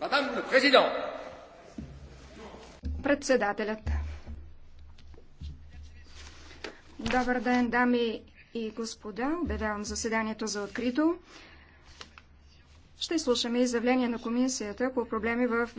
Мадам ле президент! Председателят. Добър ден, дами и господа. Обявявам заседанието за открито. Ще слушаме изявление на комисията по проблеми в